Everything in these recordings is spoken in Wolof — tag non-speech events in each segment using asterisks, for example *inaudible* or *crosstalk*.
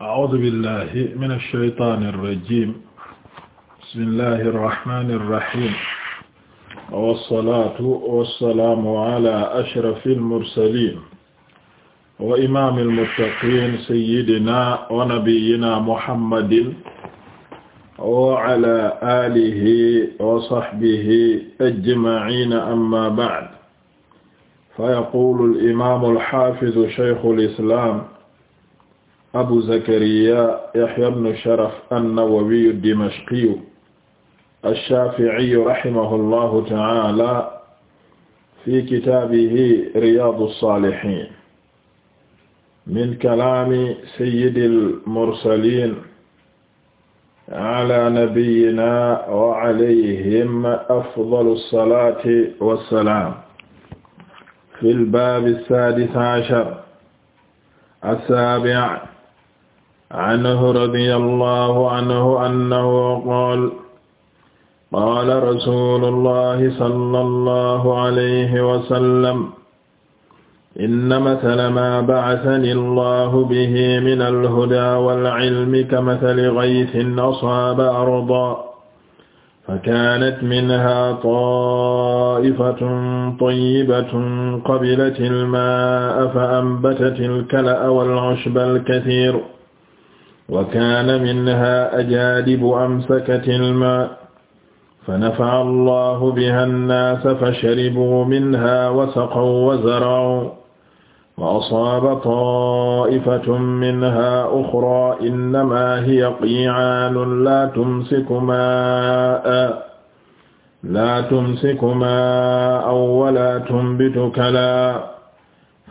a'uuzu billahi mina shaytaani rajiim bismillahi rahmaani rahiim wassalaatu wassalaamu alaa ashrafil mursaliin wa imaamil muttaqiin sayyidinaa wa nabiyyinaa muhammadin wa alaa aalihi wa sahbihi ajma'iina ammaa ba'd fa yaquulu al-imaamul haafizu shaykhul islaam abu zakariya yahya ibn sharaf an-nawawi ad-dimashqi ash-shafi'i rahimahullahu ta'ala fi kitaabihi riyaadu s-saalihiin min kalaami sayyidil mursaliin ala nabiyyina wa alayhim afdalu salaati wa salaam fil baabi saadis ashar as-saabi' anhu radiyallahu anhu annahu qaala qaala rasuulullahi sallallahu alayhi wa sallam inna mathala maa ba'athani allahu bihi minal hudaa wal ilmi kamathali ghaythin asaaba ardan fakaanat minhaa taa'ifatun tayyibatun qabilatil maa'a fa anbatatil kala'a wal 'ushbal kathiir wa kaana minha ajaadibu amsakati almaa fa nafa'a allahu biha annaasa fa sharibuu minha wa saqaw wa zara'uu wa asaaba taa'ifatun minha uxraa innamaa hiya qi'aanun laa tumsiku maa'an laa tumsiku maa'an wa laa tunbitu kalaa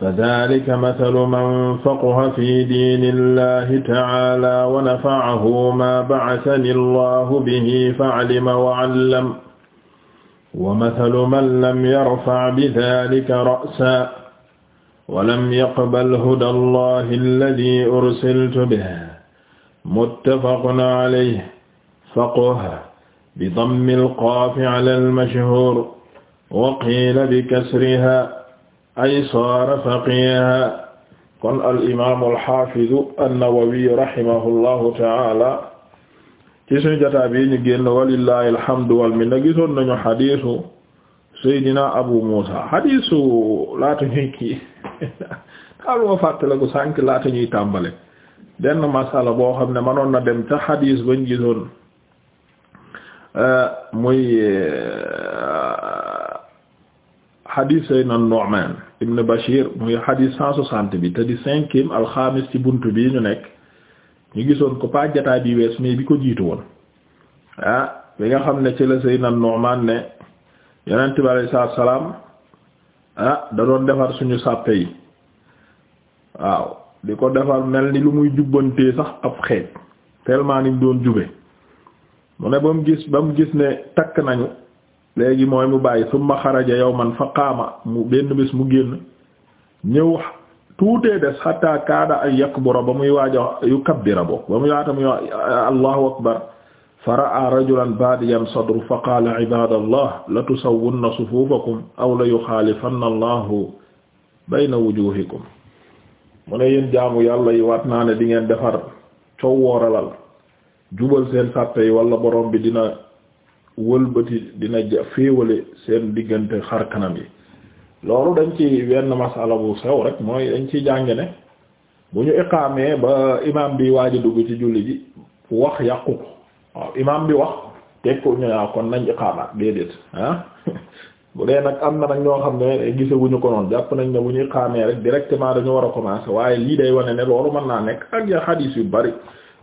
فذلك مثل من فقه في دين الله تعالى ونفعه ما بعثني الله به فعلم وعلم ومثل من لم يرفع بذلك رأسا ولم يقبل هدى الله الذي أرسلت به متفق عليه فقه بضم القاف على المشهور وقيل بكسرها ay saara faqiha kon al imaam al xaafidu an-Nawawi rahimahullahu taala ci suñu jotaay ñu génn walillahi alhamdu wal minna gisoon nañu xadiisu Seydina Abu Muusa xadiisu laata ñuy kii xaaluma fàttaliku sànq laata ñuy tàmbale benn masala boo xam ne manoon na dem ca xadiis bañ gisoon muy xadiis eh, Seydina Nu'maan ibn Bashir muy hadith cent soixante bi te di cinquième alxamis ci bunt bi ñu nekk ñu gisoon ko pas jataay bi wees mais bi ko jiitu woon ah bi nga xam ne ci la Seydina Nu'man ne yonent bi alayhi salaatu salaam ah da doon defar suñu sàppe yi waaw di ko defar mel ni lu muy jubbantee sax ab xeet tellement ni doon jube mu ne ba mu gis ba mu gis ne takk nañu léegi mooy mu bàyyi summa xaraja yawman fa qaama mu benn bés mu génn ñëw tuutee des xatta kaada ay yakbura ba muy waaja yu kabbira bo ba muy waata muy allahu akbar fa ra'a rajulan baadiyan sadru fa qaala ibaadallah la tusawwunna allahu bayna wujuuhikum mu ne yéen jaamu yàlla yi wat naa ne di ngeen defar coow wooralal jubal seen sàppe yi wala borom bi dina wëlbati dina ja féewale seen diggante xar kanam yi loolu dañ ci wenn masala bu sew rek mooy dañ ci jàng ne bu ñu iqaamee ba imaam bi waaj a dugg ci julli ji wax yàqu ko waaw imaam bi wax teg ko ñu ah, kon nañ iqaamaat déedéet ah *laughs* bu dee nag am na nag ñoo xam ne gisewuñu ko noonu jàpp nañ ne bu ñu iqaamee rek directement dañu war a commencer waaye lii day wone ne loolu mën naa nekk ak ya xadiis yu bari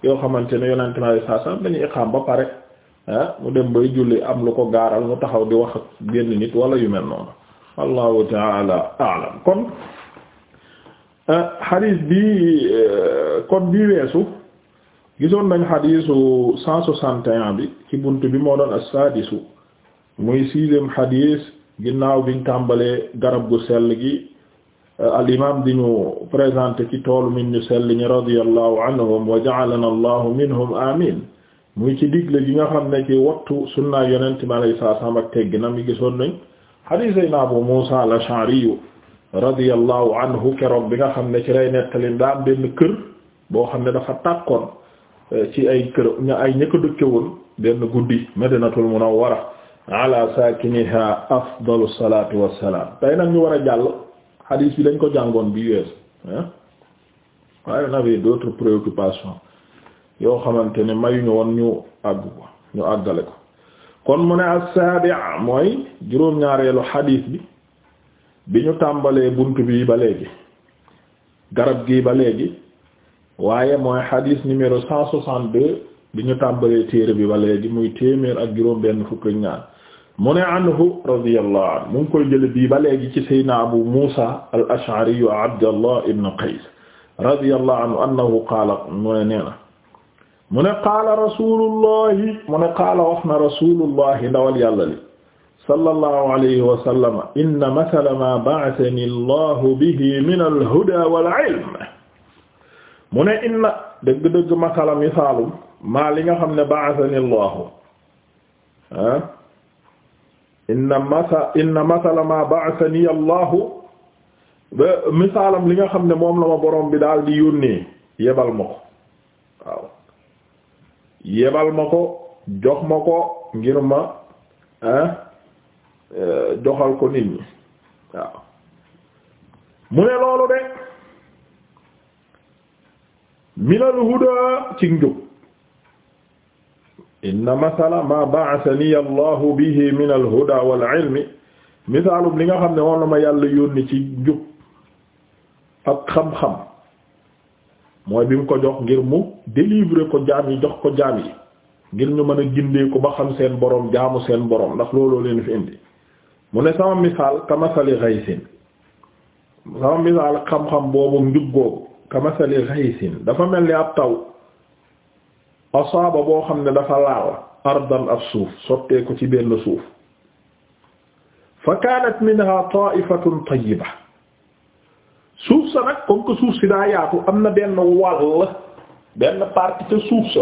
yoo xamante ne yonent na saa saa dañuy iqaam ba pare Ah mu dem bay julli am lu ko gaaral mu taxaw di wax ak benn nit wala yu mel noonu allahu taala alam kon xadiis ah, bi eh, kon bi weesu gisoon nañ xadiisu cent soixante et bi ci bunt bi moo doon as-sadisu muy sixième xadiis ginnaaw biñ tàmbalee garab gu sell gi eh, al imam di ñu présenté ci toolu min ñu sell ñi radiyallahu anhum wa ja'alana allahu minhum amin muy ci digle gi nga xam ne ci wattu sunna yonent bi alayhi salaam ak tegginam yi gisoon nañ hadith ay na Abu Musa al-Ash'ari radiyallahu anhu keroog bi nga xam ne ci lay nettali daal am benn kër boo xam ne dafa tàkkoon eh, ci ay kër ña ay ña ko dëkke woon benn guddi Madinatul Munawwara ala saakiniha afdalu salaatu wassalaam tey nag ñu war a jàll hadith bi lañ ko jàngoon bi wees ah waaye on avait d'autres préoccupations yoo xamante ne mayuñu woon ñu àggu ko ñu àggale ko kon mu ne as-sabi' mooy juróom-ñaareelu xadiis bi bi ñu tàmbalee bunt bi ba léegi garab gi ba léegi waaye mooy xadiis numéro cent soixante-deux bi ñu tàmbalee téere bi ba léegi muy téeméer ak juróom benn fukk ñaar mu ne anhu radiyallahu anhu koy jële bii ba léegi ci saydna abu musa al ash'ari abdallah ibn qais radiyallahu anhu annahu qaala mu nee na mu ne qaala rasulullahi mu ne qaala wax na rasulullahi ndawal yàlla li sallallahu alayhi wa sallam inna mathala ma ba'athani allahu bihi min alhuda wal ilm mu ne inna dëgg-dëgg mathala misaalum maa li nga xam ne ba'athani allahu ah inna matha inna mathala ma ba'athani allahu misaalam li nga xam ne moom la ma borom bi daal di yónnee yebal ma ko yebal ma ko jox ma ko ngir ma joxal euh, ko nit ñi waaw mu ne loolu de minal huda ci njub inna masala ma ba'athani allahu bihi min al huda wal ilmi misaalum li nga xam ne moom la ma yàlla yónni ci njub ak xam-xam mooy bi mu ko jox ngir mu délivrer ko jaam yi jox ko jaam yi ngir ñu mën a gindee ko ba xam seen boroom jaamu seen boroom ndax looloo leen fi indi mu ne sama misaal kamasali ghaysin sama misaal xam-xam boobu njub boobu kamasali ghaysin dafa mel ni ab taw asaaba boo xam ne dafa laal ardan ab suuf sottee ko ci benn suuf fa kaanat minha ta'ifatun tayyiba suuf sa nag comme que suuf si daa yaatu am na benn wàll benn partie ca suuf sa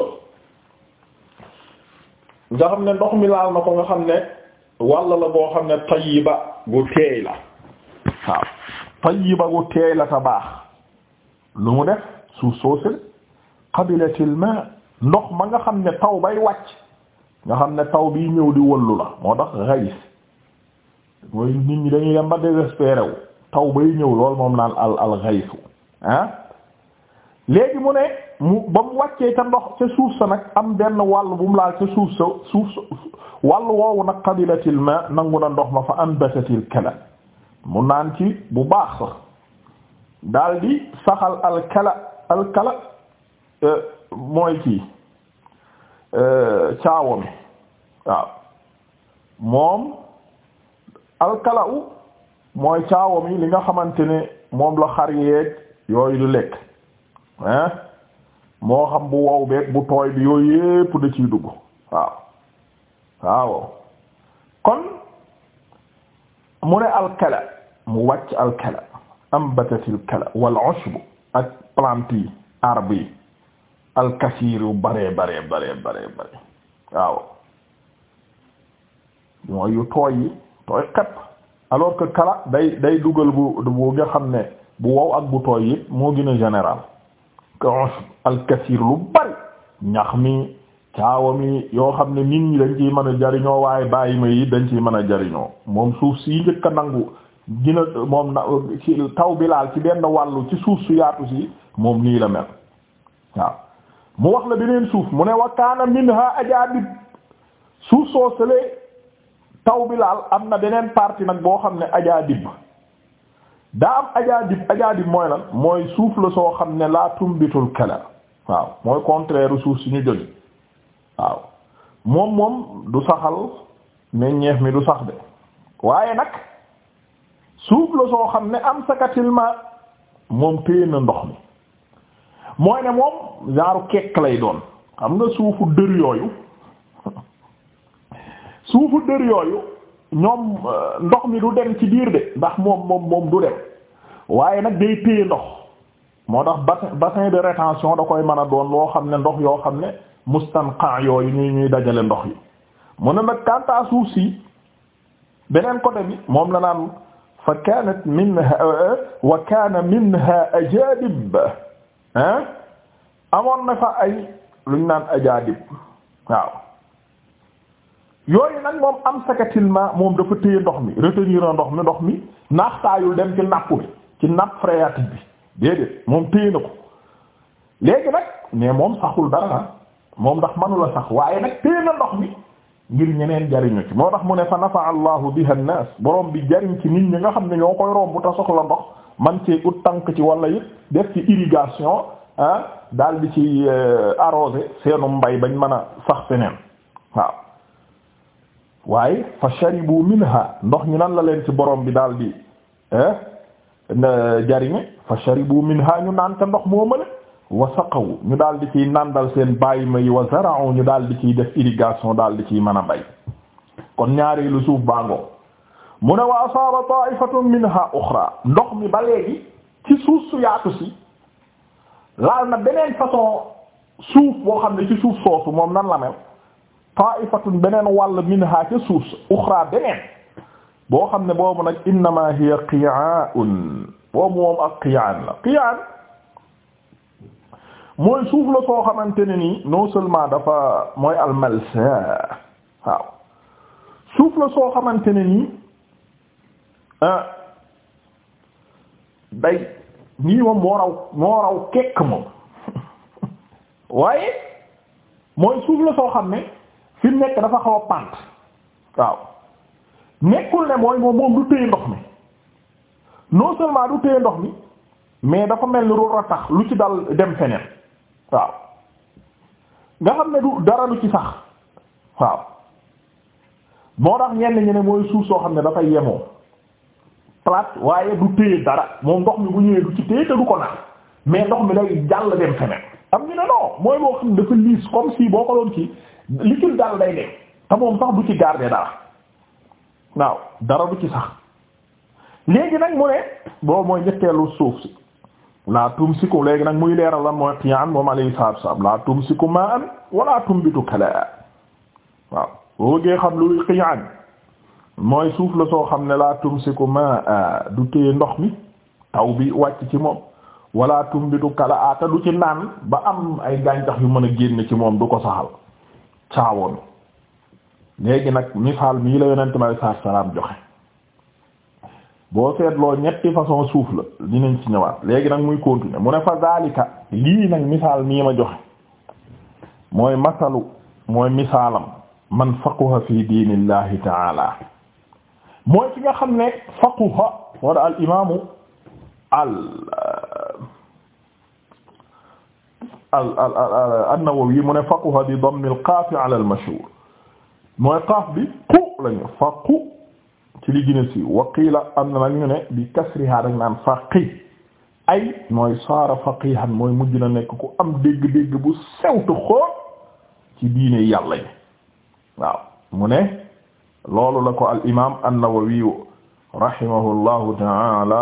nga xam ne ndox mi laal na ko nga xam ne wàll la boo xam ne tayyiba gu teey la waaw tayyiba gu teey la ta baax lu mu def suuf soosel qabilatil ma ndox ma nga xam ne taw bay wàcc nga xam ne taw bii ñëw di wallu la moo tax gayis mooy nit ñi dañuy dem ba désespéré taw bay ñëw lool moom naan al al ghaythu ah léegi mu ne mu ba mu wàccee ca ndox ca suuf sa nag am benn wàll bu mu laal ca suuf sa suuf sa wàll woowu nag qabilatil ma nangu na ndox ma fa anbatatil kala mu naan ci bu baax sax daal saxal al kala al kala e, mooy kii e, caawa mi waaw moom al kala u mooy caawam yi li nga xamante ne moom la xar yeeg yooyu du lekk hein moo xam bu wow beeg bu tooy bi yooyu yépp da dugg waaw waaw kon mu ne alkala mu wàcc alkala ambatatil kala wal ushbu ak plante yi arbre yi alkasiir yu bare bare bare bare bare mooy yu tooy yi tooy xepp alors que kala day day dugal bu bu nga xam ne bu wow ak bu tooy yëpp moo gën a général que al lu bari ñax mi caawa mi yoo xam ne nit ñi dañ ciy mën a jariñoo waaye bàyyi ma yi dañ ci mën a jariñoo moom suuf si njëkk a nangu gina moom na taw bi laal ci benn wàllu ci suuf su yaatu si moom nii la mel waaw mu wax la beneen suuf mu ne wa kaana minha ajaabib suuf soo sëlee taw bi laal am na beneen parti nag boo xam ne ajaa dib daa am ajaa dib ajaa dib mooy la mooy suuf la soo xam ne laa tumbitul kala waaw mooy contraire suuf si ñu jóge waaw moom moom du saxal meññeef mi du sax de waaye nag suuf la soo xam ne am sakatil ma moom téye na ndox mi mooy ne moom genre kekk lay doon xam nga suufu dër yooyu suufu dër yooyu ñoom euh, ndox mi du dem ci biir de ndax moom moom moom du dem waaye nag day téye ndox moo tax bassin bassin de rétention da koy mën doon loo xam ne ndox yoo xam ne mustanqa yooyu ñuy ñuy dajale ndox yi mu ne nag kanta suuf si beneen côté moom la naan fa kanat minha euh, wa kana minha ajadib ah amoon na fa ay lu ñu naan ajadib waaw yooyu nag moom am sakatil ma moom dafa téye ndox mi retenir ndox mi ndox mi naaxtaayul dem ci napp bi ci nappe phréatique bi déedéet moom téye na ko léegi nag mais moom saxul dara na moom ndax manula sax waaye nag téye na ndox mi ngir ñeneen jariñu ci moo tax mu ne fa nafa allahu biha an-nas borom bi jariñ ci nit ñi nga xam ne ñoo koy romb te la ndox man ci ut tànk ci wala it def ci irrigation ah daal di ci euh, arroser seenu mbay bañ mën a sax feneen waaw waaye fa sharibu minha ndox ñi nan la leen ci borom bi daal di eh, jariñe fa sharibu minha ñu naan ca ndox moo mëne wa saqaw ñu daal di ciy nandal seen bàyyi ma yi wa zara'u ñu daal di ciy def irrigation daal di ciy mën a bay kon ñaareelu suuf bango mu ne wa asaaba ta'ifatun minha ukhra ndox mi ba léegi ci suuf su si laal na beneen façon suuf boo xam ne ci suuf soosu moom nan la mel ta'ifatun beneen wàll minha ca suuf uxra beneen boo xam ne boobu nag innama hiya qi'a'un boobu moom ak qi'aan la mooy suuf la soo xamante ne ni non seulement dafa mooy almalsa waaw suuf la soo xamante ne ni ah day nii moom moo raw moo raw kekk moom *laughs* waaye mooy suuf la soo xam ne fi nekk dafa xaw a pant waaw nekkul ne mooy moom moom du téye ndox mi non seulement du ndox mi mais dafa mel ni ror a tax lu ci dal dem feneen waaw nga xam ne du dara lu ci sax waaw moo tax ñenn ñi ne mooy suuf soo xam ne dafay yemoo plate waaye du téye dara moom ndox mi bu ñëwee du ci téye te du ko naan mais ndox mi day jàll dem feneen am ñu ne non mooy boo xam ne dafa liis comme si boo ko doon kii li ci dal day dee te sax du ci garder dara waaw dara du ci sax léegi nag mu ne boobu mooy ñetteelu suuf si laa tumsiku léegi nag muy leeral lan mooy qiyaan moom alayhi salaatu wassalaam laa tumsiku ma'an wala tumbitu kalaa waaw boo bëggee xam mooy suuf la soo xam ne laa tumsiku ma'an du téye ndox mi taw bi wàcc ci moom wala tumbitu kalaa te du ci naan ba am ay gàncax yu mën a génn ci moom du ko saxal caawoon léegi nag misaal mii la yonent bi saa salaam joxe boo seetloo ñetti façon suuf la dinañ ci ñëwaat léegi nag muy continuer mu ne fa zalika lii nag misaal mii ma joxe mooy masalu mooy misaalam man faquha fi diinillahi taala mooy ci nga xam ne faquha wala al imaamu al al al al an-Nawawi mu ne faquha bi damm al-qaaf ala al-mashhuur mooy qaaf bi qu lañu faqu ci li gën a siiw wa qiila am na nag ñu ne bi kasriha rek naan faqih ay mooy saara faqihan mooy mujj na nekk ku am dégg-dégg bu sewtu xool ci diine yàlla yi waaw mu ne loolu la ko al imaam an-Nawawi rahimahullahu ta'ala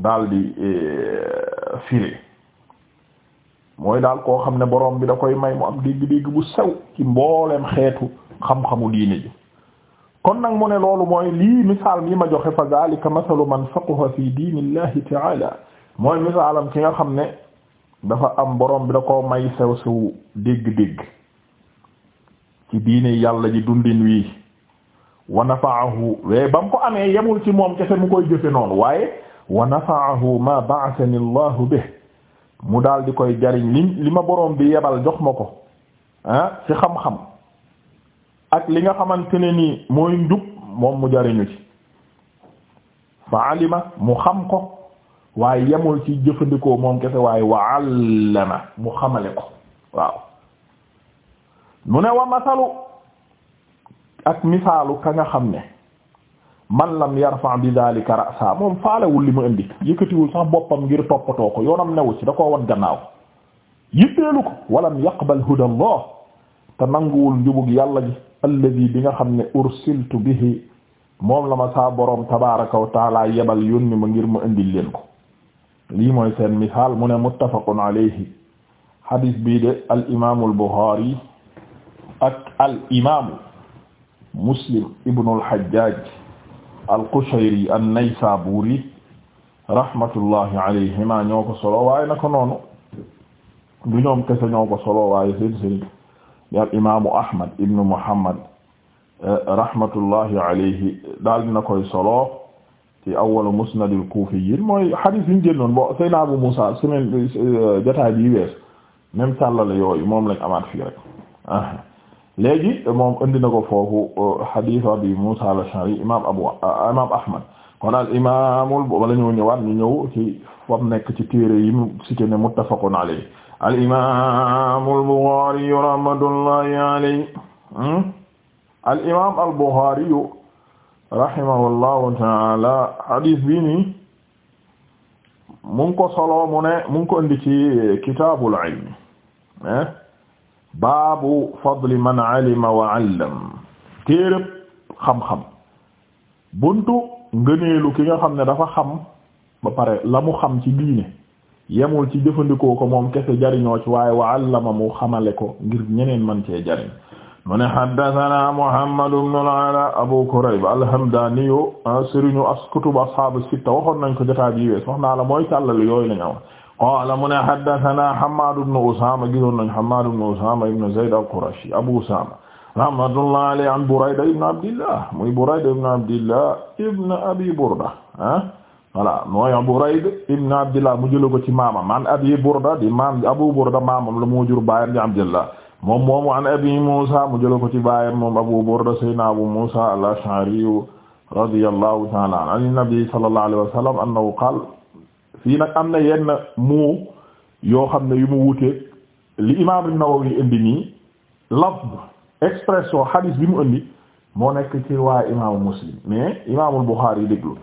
daal di eh, firi mooy daal koo xam ne borom bi da koy may mu am dégg-dégg bu sew ci mbooleem xeetu xam-xamu diine ji kon nag mu ne loolu mooy lii misaal mii ma joxe fa zalika masalu man faqiha fi diinillahi ta'ala mooy misaalam ki nga xam ne dafa am borom bi da koo may sew sew dégg-dégg ci diine yàlla ji dundin wii wa nafaahu waaye ba mu ko amee yemul ci moom kese mu koy jëfe noonu waaye wa nafaahu ma ba'athani Allahu bihi mu daal di koy jariñ li li ma boroom bi yebal jox ma ko ah ci xam-xam ak li nga xamante ne nii mooy njub moom mu jariñu ci fa alima mu xam ko waaye yemul ci jëfandikoo moom kese waaye wa allama mu xamale ko waaw mu ne wa masalu ak misaalu ka nga xam ne man lam yarfa bi dhalika ra'sa moom faalewul li mu indi yëkkatiwul sax boppam ngir toppatoo ko yoonam newu ci da koo wan gannaaw yitteelu ko walam yaqbal huda allah te nanguwul njubug yàlla gi alladi bi nga xam ne ursiltu bihi moom la ma saa boroom tabaraka wa taala yebal yónni ma ngir mu indil leen ko lii mooy seen misaal mu ne muttafaqun alayhi hadis bii de al imaamu al buxaari ak al imaamu muslim ibnu al hajjaaj al-Qushayri an-Naysaburi rahmatullahi alayhima ñoo ko solo waaye naka noonu du ñoom kese ñoo ko solo waaye seen sëriñ di al imaamu Ahmad ibnu Muhammad eh, rahmatullahi alayhi daal dina koy solo ti awwalu musnad al-kuufiyyiin mooy xadiis yi ñu jëndoon bo Seydina Abu Muusaa semaine eh, jotaay bi wees même yooyu moom lañ amaat fii léegi moom indi na foofu euh, hadith abi Musa al-Ash'ari imaam Abu euh, Ahmad kon al imaamul ci fam nekk ci téere yi mu cité ne al imaamul rahmatullahi alayhi hmm? al imaam al Bukhari rahimahullahu ta'ala hadith bi baabu fadli man alima wa allam téereb xam-xam buntu ngëneelu ki nga xam ne dafa xam ba pare la mu xam ci diine yemul ci jëfandikoo ko moom kese jariñoo ci waaye wa allama mu xamale ko ngir ñeneen man cee jariñ mu ne haddathana Muhammad ibn al-Ala Abu Kurayb al-Hamdani ah, sëriñu as kutub ashaabu sitta waxoon nañ ko jotaa bi wees wax naa la mooy càllal yooyu la ñu qaala mu ne haddasanaa Hammaad ibn Usaama gisoon nañ Hammaad ibn Usaama ibn Zayd al-Qurashi Abu Usaama rahmatullahi alayhi an Burayda ibn Abdillah muy Burayda ibn Abdillah ibn Abi Burda ah voilà mooy Burayda ibn Abdillah mu jël ko ci maama man Abi Burda di maam Abu Burda maamam la moo jur baayam di Abdillah moom moomu an Abi Muusa mu jël ko ci baayam moom Abu Burda sayyidina Abu Muusa al-Ash'ari radiyallahu ta'ala anhu an-nabi sallallahu alayhi wa sallam annahu qaala fii nag am na yenn mu yoo xam ne yu mu wuteeg li imaam An-Nawawi indi nii lafz expression hadith bi mu indi moo nekk ci riwaaya imaamu Muslim mais imaamul Buxaari déglu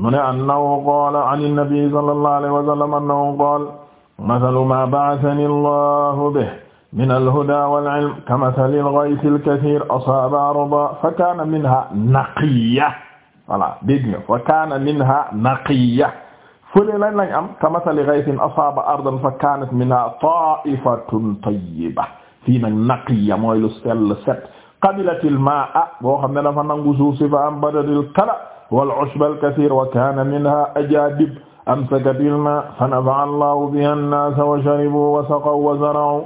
mu ne annahu qaala an an-nabi sallallahu alayhi wa sallam annahu qaala mathalu ma ba'athani Allahu bihi min al-hudaa wal-'ilm kamathali al-ghaythi al-kathiir asaaba ardan fa kaana minhaa naqiyya voilà dégg nga fa kaana minhaa naqiyya fële lañ lañ am kamasali ghaythin asaaba ardan fa kaanat minha ta'ifatun tayyiba fii nag naqiya mooy lu sell set qabilatil maa'a boo xam ne dafa nangu suuf si fa ambadatil kala wal ushba al kathir wa kaana minha ajaadib amsakatil maa'a fa nafa'a Allahu biha an-naasa wa sharibu wa saqaw wa zara'u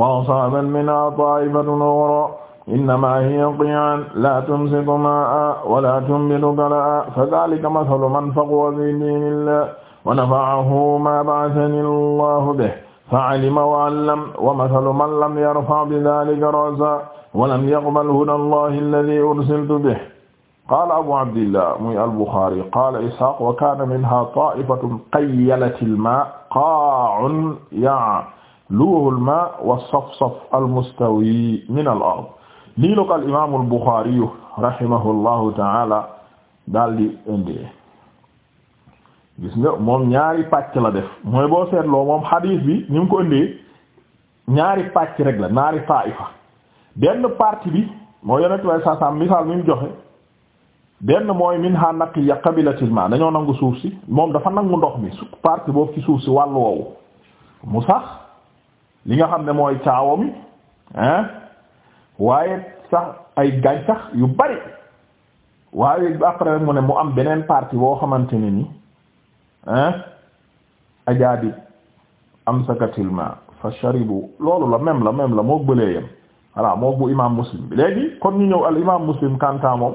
wa asaabat minha ta'ifatun ukhraa innamaa hiya qiyaan laa tumsiku maa'an wa laa tunbitu kala'an fa dhaalika mathalu man faquwa fii diinillah wa nafa'ahu ma ba'athani Allahu bihi fa'alima wa 'allama wa mathalu man lam yarfa' bidhalika ra'san wa lam yaqbal huda Allahi alladhi ursiltu bihi qaala abu abdillah muy al-Bukhari qaala Ishaaq wa kaana minhaa taa'ifatun qayyalati al-maa'a qaa'un ya'luuhu al-maa'u was-safsafu al-mustawi mina al-ard lii la ko al-imaam al-Bukhari rahimahu Allahu ta'aala daal di indee gis nga moom ñaari pàcc la def mooy boo seetloo moom xadiis bi ni mu ko indee ñaari pàcc rek la ñaari taifa benn partie bi moo yonent way sasam misaal mi mu joxe benn mooy min ha naqiya qabilatilma dañoo nangu suuf si moom dafa nangu ndox mi su partie boobu ci suuf si wàllu woowu mu sax li nga xam ne mooy caawa mi ah waaye sax ay gàncax yu bari waaye après mu ne mu am beneen partie boo xamante ne ni ah ajadib amsakatil ma fa sharibu loolu la même la même la moo bëlee yem voilà moo bu imam muslim bi léegi kon ñu ñëw al imam muslim kanta moom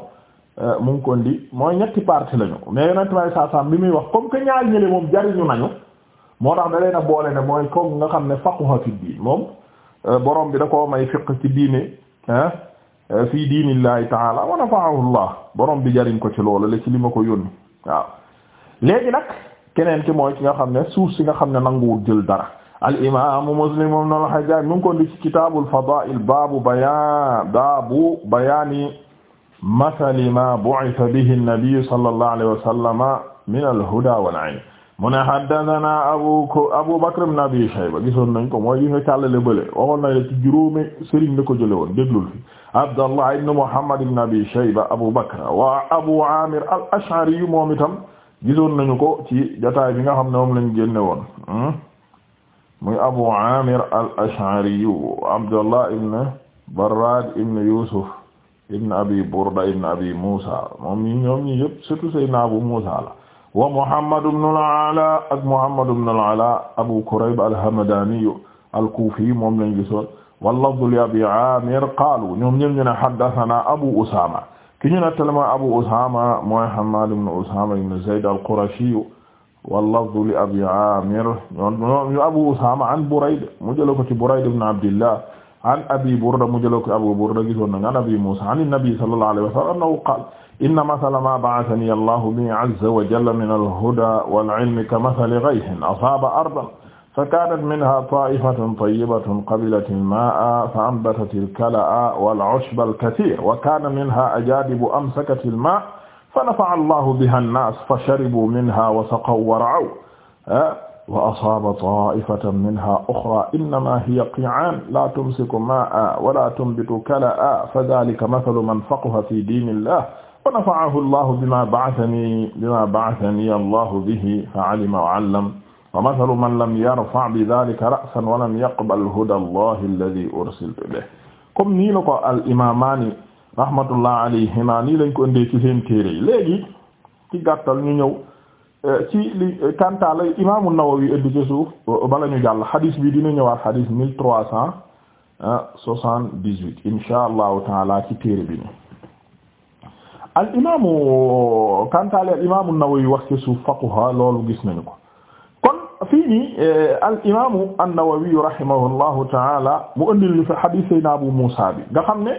euh, mu ngi kon di mooy ñetti parti lañu mais yonent may saasaam bi muy wax comme que ñaar ñële moom jariñu nañu moo tax da leen a boole ne mooy comme nga xam ne faquha fi diin moom euh, borom bi da koo may fiq ci diine euh, fii diinillahi taala wa nafa'ahu borom bi jariñ ko ci loolu la ci li ma ko yónni waaw léegi nag keneen ki mooy ki nga xam ne suuf si nga xam ne nanguwul jël dara al imaamu muslim ibn al hajjaj mu ngi ko ndi ci kitaabul fadaa'il baabu bayaan baabu bayaani masali ma bu'itha bihi an-nabiy sallallahu alayhi wa sallama min al-huda wal-'ilm mu ne haddathana abu abu bakr ibn abi shayba gisoon nañ ko mooy yi nga càllale bële waxoon nañ la ci juróomi sëriñ la ko jële woon déglul fi abdallah ibn muhammad ibn abi shayba abu bakr wa abu amir al-ash'ari moom itam gisoon nañu ko ci jotaay bi nga xam ne moom lañ génne woon hmm? muy Abu Amir al-Ash'ari Abdullah ibn Barrad ibn Yusuf ibn Abi Burda ibn Abi Musa moom ñi ñoom ñi yëpp surtout Abu Musa wa Muhammad ibn ala Abu Kurayb al-Hamdani al-Kufi moom lañ gisoon wa lafdu li Abi Amir qaalu ñoom ñoom ñu ne haddathana Abu Usama ki ñu nettali mooy Abu Usaama mooy Hammaad ibn Usaama ibn Zayd al-Qurashi wal-lafzu li Abi Aamir ñoom Abu Usaama an Burayd mu jëloon ko ci Burayd ibn Abdillah an Abi Burda mu jëloon ko Abu Burda gisoon nañu an Abi Muusaa an an-Nabi sallallahu alayhi wa sallam annahu qaala inna mathala maa ba'athani Allahu bihi azza wa jalla mina al-hudaa wal-'ilmi kamathali ghaythin asaaba ardan فكانت منها طائفة طيبة قبلت الماء فأنبتت الكلأ والعشب الكثير وكان منها أجادب أمسكت الماء فنفع الله بها الناس فشربوا منها وسقوا ورعوا وأصاب طائفة منها أخرى إنما هي قيعان لا تمسك ماء ولا تنبت كلأ فذلك مثل من فقه في دين الله ونفعه الله بما بعثني بما بعثني الله به فعلم وعلم fa mathalu man lam yarfa' bi dhalika ra'san wa lam yaqbal huda allahi alladhi ursiltu bihi comme nii la ko al imamani rahmatullah alayhima nii lañ ko indee ci seen téere yi léegi ci gàttal ñu ñëw eh, ci li kanta la imaamu Nawawi indi ci suuf bala ñu jàll hadis bi dina ñëwaat hadis mille trois cent soixante-dix-huit insha allahu taala ci téere bi ni al imaamu kanta al Nawawi wax ci suuf faquha loolu gis nañu ko fii nii eh, al imaamu an-Nawawi rahimahullahu taala mu andil ñu fi hadith Seydina Muusa bi nga xam ne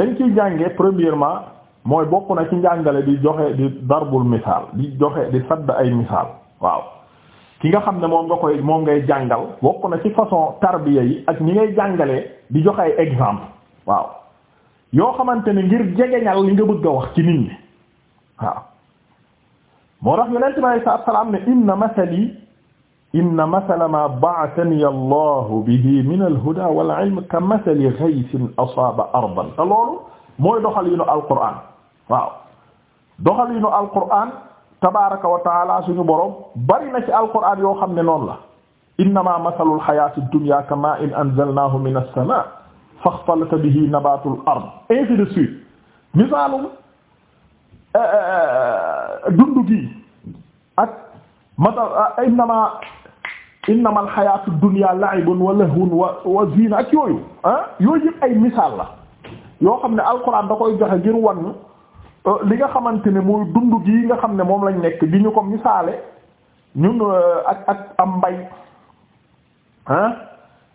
dañ ciy jànge premièrement mooy bokk na ci njàngale di joxe di darbul misaal di joxe di sadd ay misaal waaw ki nga xam ne moom nga koy moom ngay jàngal bokk na ci façon tarbiya yi ak ñi ngay jàngale di joxe ay exemple waaw yoo xamante ne ngir jegeñal li nga bëgg a wax ci nit ñi waaw moo tax yonent bi sallallahu alayhi wasallam ne inna masali inna masala ma ba'athani allahu bihi min alhuda wal ilm ka masali ghaythin asaaba ardan te loolu mooy doxaliinu alqur'aan waaw doxaliinu alqur'aan tabaaraka wa taala suñu boroom bari na ci alqur'aan yoo xam ne noonu la innama masalul hayaati dunya kamaa'in anzalnaahu minas samaa'i faxtalata bihi nabaatul ard ainsi de suite misaalum eh, eh, eh, dundu gi ak masal innama innamal xayaatu dunya la'ibun wa lahwun wa wa ziina ak yooyu ah yooyu yëpp ay misaal la yoo xam ne alxuraan da koy joxe ngir wan euh, li nga xamante ne mooy dund gi nga xam ne moom lañ nekk di ñu ko misaale ñun euh, ak ak am mbay ah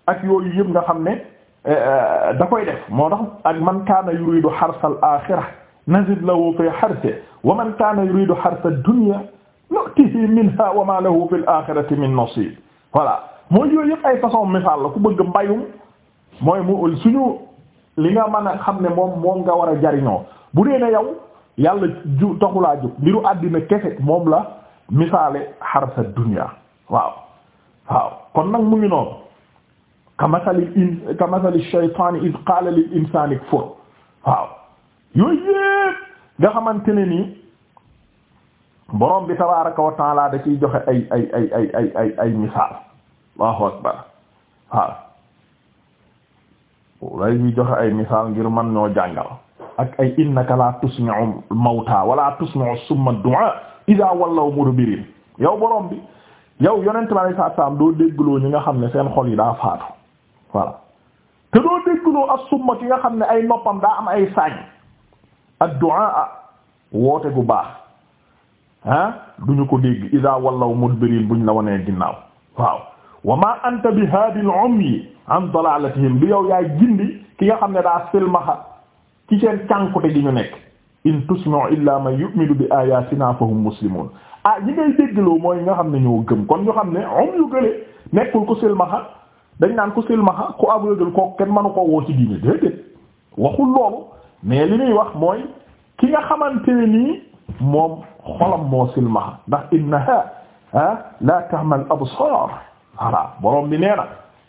ak yooyu yëpp nga xam ne euh, da koy def moo tax ak man kaana yuridu xarsal axira nazid lahu fi xarse wa man kaana yuridu xarsad dunya nu'tihi minha wa ma lahu fil axirati min nasib voilà mooy yooyu yëpp ay façon misaal la ku bëgg mbayum mooy mu suñu li nga mën a xam ne moom moom nga war a jariñoo bu dee ne yow yàlla ju taxulaa jóg mbiru àddina kese moom la misaale xarsa dunya waaw waaw kon nag mu ngi noonu kamasali in kamasali shaytaani id qaala lil insaani kfur waaw yooyu yëpp nga xamante ne nii borom bi tabaaraka wa taala da ciy joxe ay ay ay ay ay ay ay misaal allahu akbar ñuy joxe ay misaal ngir man ñoo jàngal ak ay innaka la tusmi'u mawta wala tusmi'u summa du'a idha wallaw mudbirin yow borom bi yow yonent bi saa saam doo déggloo ñi nga xam ne seen xol yi daa faatu voilà te doo déggloo ak summa ki nga xam ne ay noppam daa am ay sañ ad du'a woote gu baax ah du ñu ko dégg ida wallaw mudbirin buñ la wonee ginnaaw waaw wa ma anta bi haadi al umyi an dalalatihim du yow yaay gindi ki nga xam ne daa silmaxa ci seen cànkute gi ñu nekk in tusmi'u illa man yu'minu bi ayatina fahum muslimun ah ñi ngay déggloo mooy nga xam ne ñoo gëm kon ñu xam ne um yu gële nekkul ku silmaxa dañ naan ku silmaxa ku aveugle ko kenn mënu ko woo ci diine déedéet waxul loolu mais li muy wax mooy ki nga xamante ne moom xolam moo silmaxa ndax innaha ah la tahmal absar voilà borom bi nee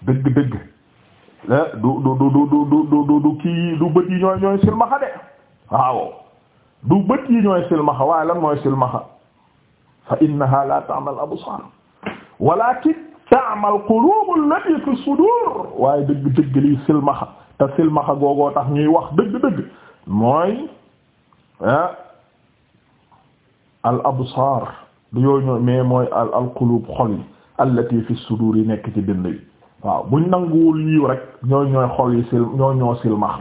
dëgg-dëgg du du du du du du du kii du bët yi ñooy silmaxa de waaw du bët yi ñooy silmaxa waaye lan mooy silmaxa fa innaha la tahmal absar walakin ta'mal qulub allati fi sudur waaye dëgg-dëgg lii silmaxa te silmaxa googoo tax ñuy wax dëgg-dëgg mooy ah al absaar du yooyu ñoo mais mooy al al qulub xol yi allati fi sudur yi nekk ci dënd yi waaw buñ nanguwul yiw rek ñooñ ñooy xol yi sil ñooñ ñoo silmax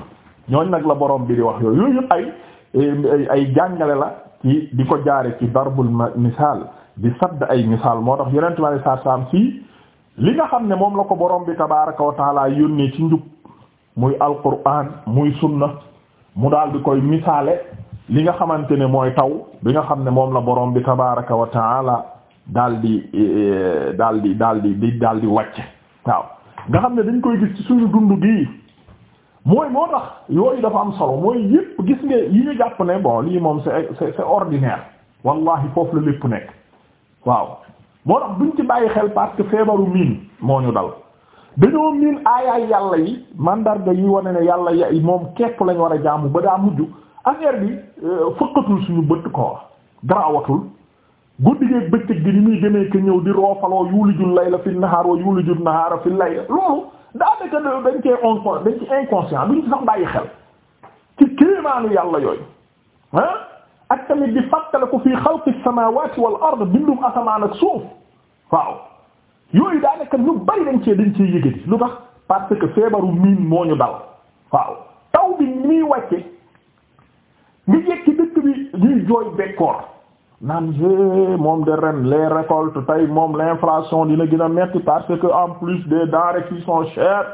ñooñ nag la boroom bi di wax yooyu yooyu yëpp ay ay jàngale la ci di ko jaare ci darbul misaal di sadd ay misaal moo tax yonent ma saar saam fii li nga xam ne moom la ko borom bi tabaaraka wa taala yónnee ci njub muy alquran muy sunna mu daal di koy misaale li nga xamante ne mooy taw bi nga xam ne moom la borom bi tabaraka wa taala daal di e, e, dal di daal di di daal di wàcc waaw nga xam ne dañ koy gis ci suñu dund gii mooy moo tax yooyu dafa am solo mooy yépp gis nga yi ñu jàpp ne bon lii moom c'est c'est ordinaire wallahi foofu la lépp nekk waaw moo tax duñ ci bàyyi xel parce que feebaru miin moo ñu dal dañoo miin aayaay yàlla yi mandarga yi wane ne yàlla moom képp lañ war a jàmm ba daa mujj affaire bi euh, fëkkatul suñu bët ko garaawatul guddi geeg bëccëg gi ni muy gënee ko ñëw di roofaloo yuulijul layla fi nahaar wa yuulijul nahaara fi layla loolu daanaka dañ cee on dañ ci inconscient duñ ci sax bàyyi xel ci kéemaanu yàlla yooyu ah ak tamit di fàttale ko fii xalqi samawati wal ard bindum asamaan ak suuf waaw yooyu daanaka ñu bari dañ cee dañ cee yëgati lu tax parce que feebaru miin moo ñu dal waaw taw bi muy wàcce nga yëkki dëkk bi jooy bekkoor naan moom de ren les récoltes tey moom l'inflation dina gën a metti parce que en plus de denrées qui sont chères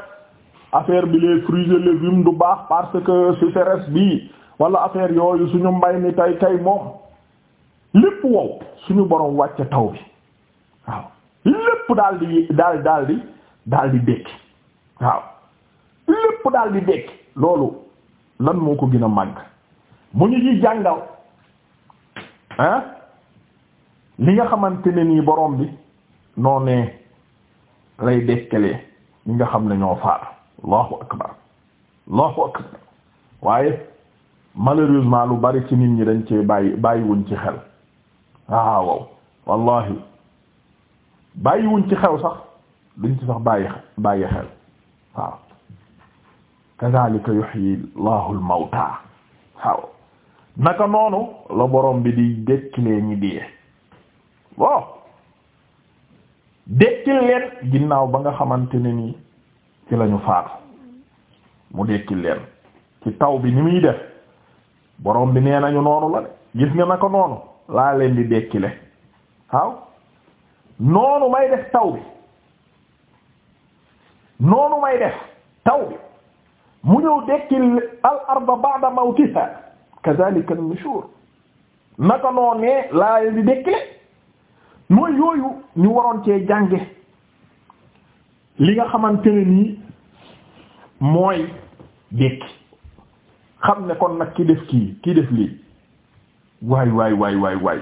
affaire bi les fruits et du baax parce que sécheresse bi wala affaire yooyu suñu mbay mi tey tey moom lépp wow suñu borom wàcce taw bi waaw lépp daal di daal daal di dekk waaw lépp daal di dekk loolu lan moo ko gën a màgg mu ñu ci jàngal ah li nga xamante ne nii boroom bi noonee lay dekkalee ñi nga xam ne ñoo faatu allahu akbar allahu akbar waaye malheureusement lu bari ci nit ñi dañ cee bàyyi bàyyiwuñ ci xel ah, waaw wallahi bàyyiwuñ ci xew sax duñ ci sax bàyyi bàyyi xel waaw kadhalika yuhyi llahu al mawta waaw naka noonu la borom bi di dekkilee ñi dee bon dekkil leen ginnaaw ba nga xamante ne nii ci lañu faatu mu dékkil leen ci taw bi ni muy def borom bi nee nañu noonu la gis nga naka noonu laa leen di dekkile waaw noonu may def taw bi noonu may def taw bi mu ñëw dekkil al arda ba'da mawtiha kazalika an-nushur naka noonee laaya di dekkile mooy yooyu ñu waroon cee jànge li nga xamante ne nii mooy dekki xam ne kon nag ki def kii ki def lii waay waay waay waay waay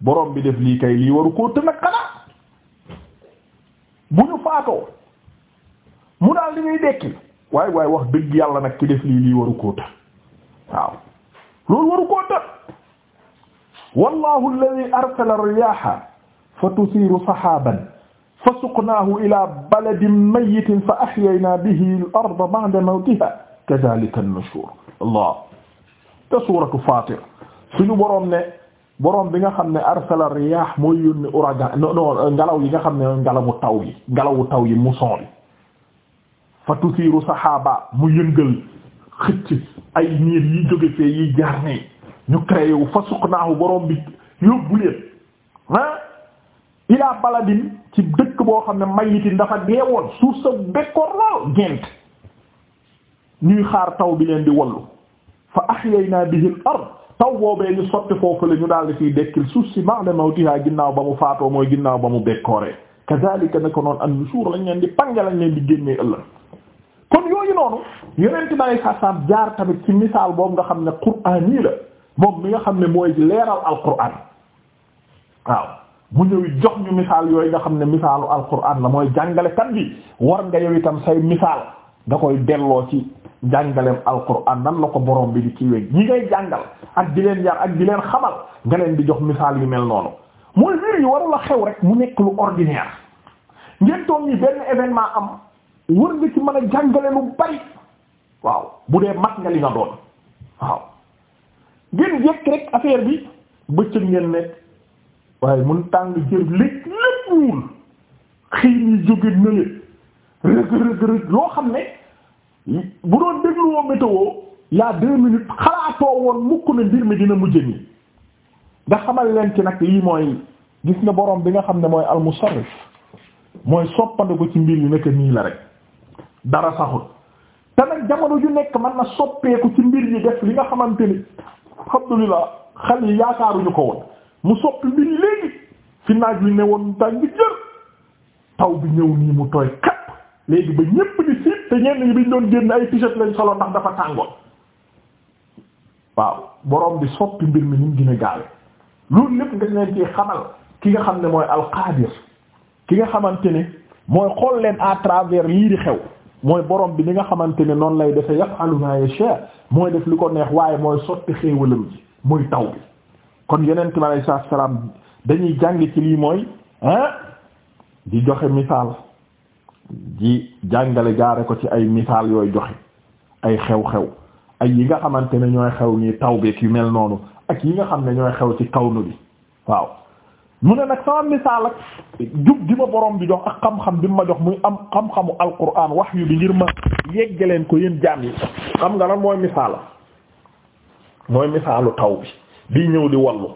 borom bi def waay wax dëgg yàlla nag ki def lii lii waru koo waaw loolu waru koo def wallahu alladhi arsala ar-riyaha fa tuthiru sahaban fa suqnaahu ila baladin mayyitin fa ahyaynaa bihi al-arda ba'da mawtiha kadhalika an-nushur allah te suratu fatir suñu boroom ne boroom bi nga xam ne arsala riyah mooy yónni ouragan non non ngelaw yi nga xam ne ngelawu taw yi ngelawu taw yi mousson bi fa tuthiru sahaba mu yëngal xëcc ay niir yi jóge fee yi jaar ne ñu créé wu fa suqnaahu borom bi yóbbu leen ah ilaa baladin ci dëkk boo xam ne mayitin dafa deewoon suuf sa bekkoor lool gent ñuy xaar taw bi leen di wallu fa ahyaynaa bihi al-ard taw boobee ñu sotti foofu la ñu daal di fiy dekkil suuf si ba'da mawtihaa ginnaaw ba mu faatoo mooy ginnaaw ba mu bekkooree kazaalika ne ko noonu an suur lañ leen di pange lañ leen di génnee ëllëg yooyu noonu yeneen ci bari sasam jaar tamit ci misaal boobu nga xam ne qur'aan yi la moom bi nga xam ne mooy leeral alqur'aan waaw mu ñëw jox ñu misaal yooyu nga xam ne misaalu alqur'aan la mooy jàngalekat bi war nga yow itam say misaal nga koy delloo ci jàngaleem alqur'aan nan la ko borom bi di ci wég ñi ngay jàngal ak di leen yar ak di leen xamal nga leen di jox misaal yu mel noonu mooy mbir yi warul xew rek mu nekk lu ordinaire ngeen toog ñi benn wër nga ci mën a jàngale lu bari waaw bu dee mat nga li nga doon waaw ngeen yëkk rek affaire bi bëccëg ngeen nekk waaye mun tàng jër lépp wul xëy ni jóge na loo xam ne bu doon dégluwoo météo y'a deux minutes xalaatoo woon mukk na mbir mi dina mujj nii nga xamal leen ci nag lii mooy gis nga borom bi nga xam ne mooy almusarrif mooy soppandiku ci mbir yu nekk nii la rek dara saxut te nag jamono ju nekk man na soppeeku ci mbir yi def li nga xamante ni alhamdulillah xel yi yaakaaruñu ko woon mu soppi mbir yi léegi fi naaj wi ne woon tàng bi jër taw bi ñëw nii mu tooy kapp léegi ba ñépp di siit te ñenn ñi biñ doon génn ay t-shirt lañ solo ndax dafa tàngoon waaw borom bi soppi mbir mi ñu gën gaawe loolu lépp nga leen ci xamal ki nga xam ne mooy alqaadir ki nga xamante ne mooy xool leen à travers lii di xew mooy borom bi li nga xamante ne noonu lay defe yaf'alu ma yasha mooy def li ko neex waaye mooy sotti xéewalam ji muy taw bi kon yeneen bi alayhi salaatu salaam dañuy jàng ci lii mooy ah di joxe misaal di jàngale jaare ko ci ay misaal yooy joxe ay xew-xew ay yi nga xamante ne ñooy xew nii taw bi yu mel noonu ak yi nga xam ne ñooy xew ci nu bi waaw mu ne nag sama misaal ak jub gi ma borom bi jox ak xam-xam bi ma jox muy am xam-xamu wax wahyu bi ngir ma yeggaleen ko yéen jaam yi xam nga lan mooy misaala mooy misaalu taw bi bii ñëw di wallu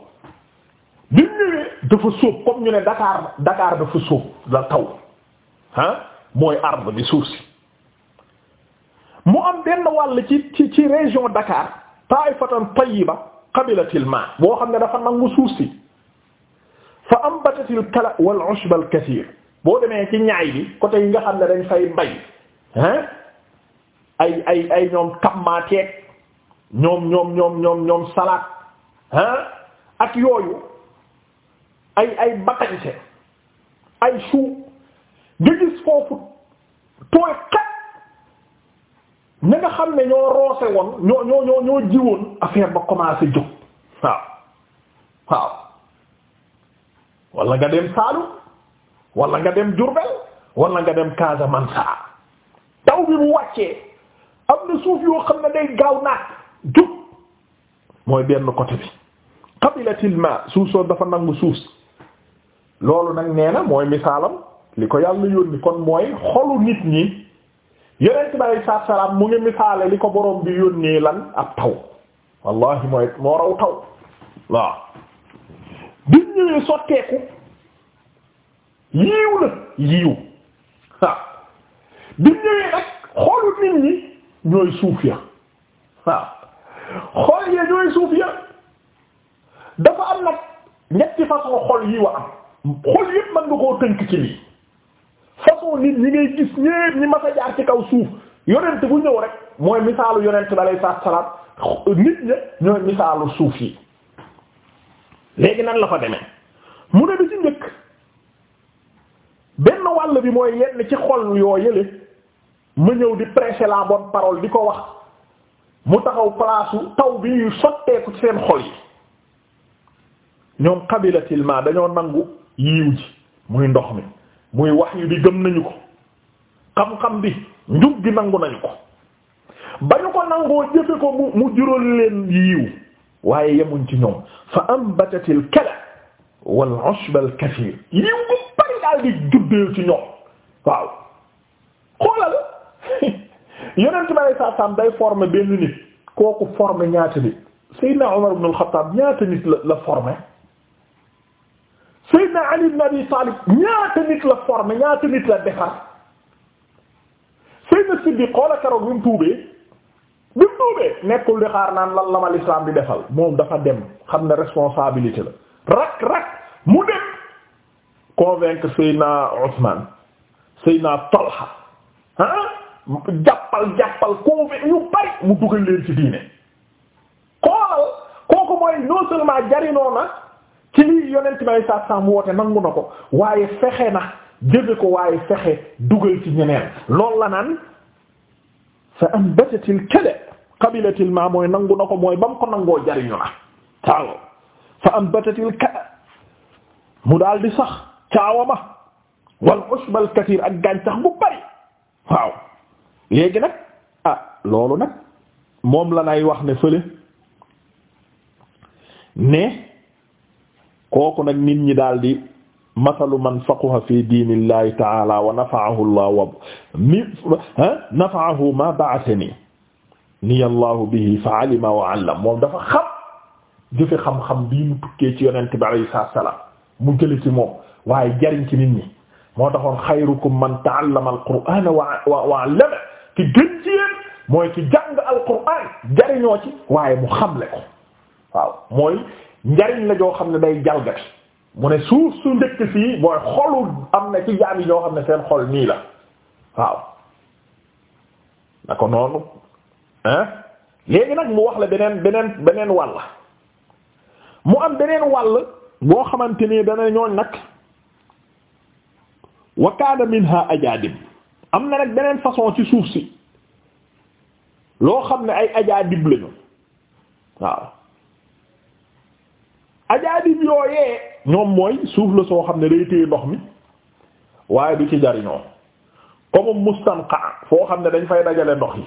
bi ñëwee dafa sóob comme ñu ne Dakar Dakar dafa sóob la taw ah mooy arbre bi suuf si mu am benn wàll ci ci ci région Dakar taifatan tayyiba qabilatil ma boo xam ne dafa nangu suuf si fa ambatatil kala wal al kathir boo demee ci ñaay bi côté yi nga xam ne dañ fay bay hein ay ay ay ñoom kammaateeg ñoom ñoom ñoom ñoom ñoom salaat hein ak yooyu ay ay batañse ay suuf nga foofu tooy kat ña nga xam ne ñoo roose woon ñoo ñoo ñoo ñoo ba commencé jóg waaw waaw wala nga dem Saalum wala nga dem Diourbel wala nga dem Casamance taw bi mu wàccee am na suuf yoo xam ne day gaaw naat jub mooy benn côté bi qabilatil ma suuf dafa nangu suuf loolu nag nee na mooy misaalam li ko yàlla yónni kon mooy xolu nit ñi yonent bi alay salaam mu ngi misaale li ko borom bi yónnee lan ab taw wallahi mooy moo raw taw waaw ñëwee sotteeku yiiw la yiiw waaw bi ñëwee nag xolu nit ñi ñooy suuf ya waaw xol ya ñooy suuf ya dafa am nag ñetti façon xol yi am xol yépp mën nga koo tënk ci lii façon nit ñi ngay gis ñépp ñi mas a ci kaw suuf yonent bu ñëw rek mooy misaalu yonent bi alayhi salaam nit ña ñooy misaalu suuf yi léegi nan la fa demee mu ne du ci njëkk benn wàll bi mooy yenn ci xol yoo yële mu ñëw di prêcher la bonne parole di ko wax mu taxaw palaasu taw bi yu sotteeku ci seen xol yi ñoom xabilatilment dañoo nangu yiiw ji muy ndox mi muy wax yu bi gëm nañu ko xam-xam bi njub gi nangu nañu ko ba ñu ko nangoo jëfe ko mu mu jural leen yiiw waaye yemuñ ci ñoom fa ambatatil kala al kathir yiw gu bari daal di juddeel ci ñoom waaw xoolal *laughs* yonent bi alayhi salaam day former benn nit kooku former ñaata nit Seydina Umar ibn al-Khattab ñaata nit la la former Seydina Ali la former ñaata nit la defar Seydina Siddiq xoola keroog bi mu tuubee nekkul di xaar naan lan la ma l'islam di defal moom dafa dem xam ne responsabilité la rak rak mu dem convaincre Seydina Ousmane Seydina Talha ah jàppal jàppal convaincre ñu bari mu dugal leen ci diine xoolal kooku mooy non seulement jarinoo ci lii yonent may sa sam woote nangu na ko waaye fexe na jëfe ko waaye fexe dugal ci ñeneen lool la naan fa anbatatil kale qabilatil ma mooy nangu na ko mooy ba mu ko nangoo jariñu na caawa fa anbatatil kale mu daal di sax caawa ma wal usbal kathir ak gàncax bu bari waaw léegi nag ah loolu nag moom la nay wax ne fële ne kooku nag nit ñi daal di masalu man faquha fi diinillahi ta'ala wa nafa'ahu allah wa mi nafa'ahu ma ba'athani ni allahu bihi fa alima wa 'allama moom dafa xam jëfe xam-xam bii mu tukkee ci yonent bi alayhi salaam mu jëli ci moom waaye jariñ ci nit ñi moo taxoon xayrukum man ta'allama al-qur'ana wa 'allama ki gën ci yéen mooy ki jàng al-qur'an jariñoo ci waaye mu xamle ko waaw mooy njariñ la joo xam ne day jalgati mu ne suuf su njëkk fii mooy xolu am na ci jaam yi ñoo xam ne seen xol nii la waaw na ko noonu hein léegi nag mu wax la beneen beneen beneen wàll mu am beneen wàll boo xamante ni dana ñooñ nag wa kaana minha ajaadib am na nag beneen façon ci suuf si loo xam ne ay ajaadib lañu waaw ajaadib yooyee ñoom mooy suuf la soo xam ne day téye ndox mi waaye du ci jariñoo comme mustanqa foo xam ne dañ fay dajale ndox yi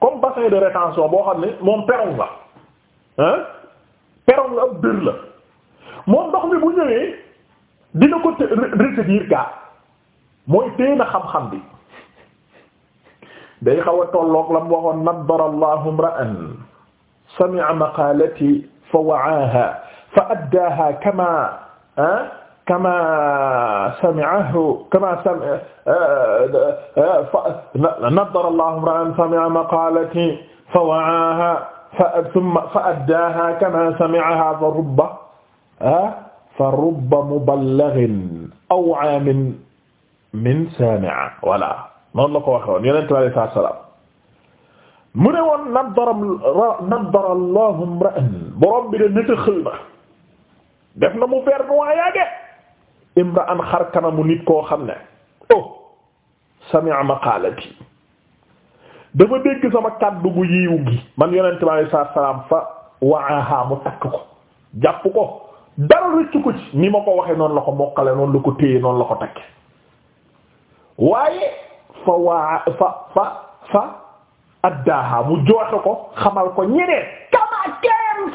comme bassin de rétention boo xam ne moom perron la ah perron la ab dër la moom ndox mi bu ñëwee dina ko retenir gaa mooy téye xam-xam bi day xaw a tolloog lam waxoon nadara allahu imra'an sami'a maqalati fa wa'aha fa addaaha kama kama sami'ahu kama sami'a eh, eh, eh, nadara Allahu imra'an sami'a maqaalati fa wa'aaha fa thumma fa addaaha kama sami'aha fa rubba fa rubba muballighin aw'a min min saami'a voilà noonu la ko waxee woon Yonent bi alayhi salaatu wa salaam mu ne woon nadara nadara Allahu imra'an borom bi de def na mu fer noyaa de xar kanamu nit koo xam ne oh sami'a maqaalati dafa dégg sama kàddu gu yiiw gi man yonent bi alayhi salaam fa waaha mu takk ko jàpp ko dara rëcc ko ci ni ma ko waxee noonu la ko mokkale noonu la ko téye noonu la ko takke waaye fa waa fa fa fa addaaha mu jooxe ko xamal ko ñeneen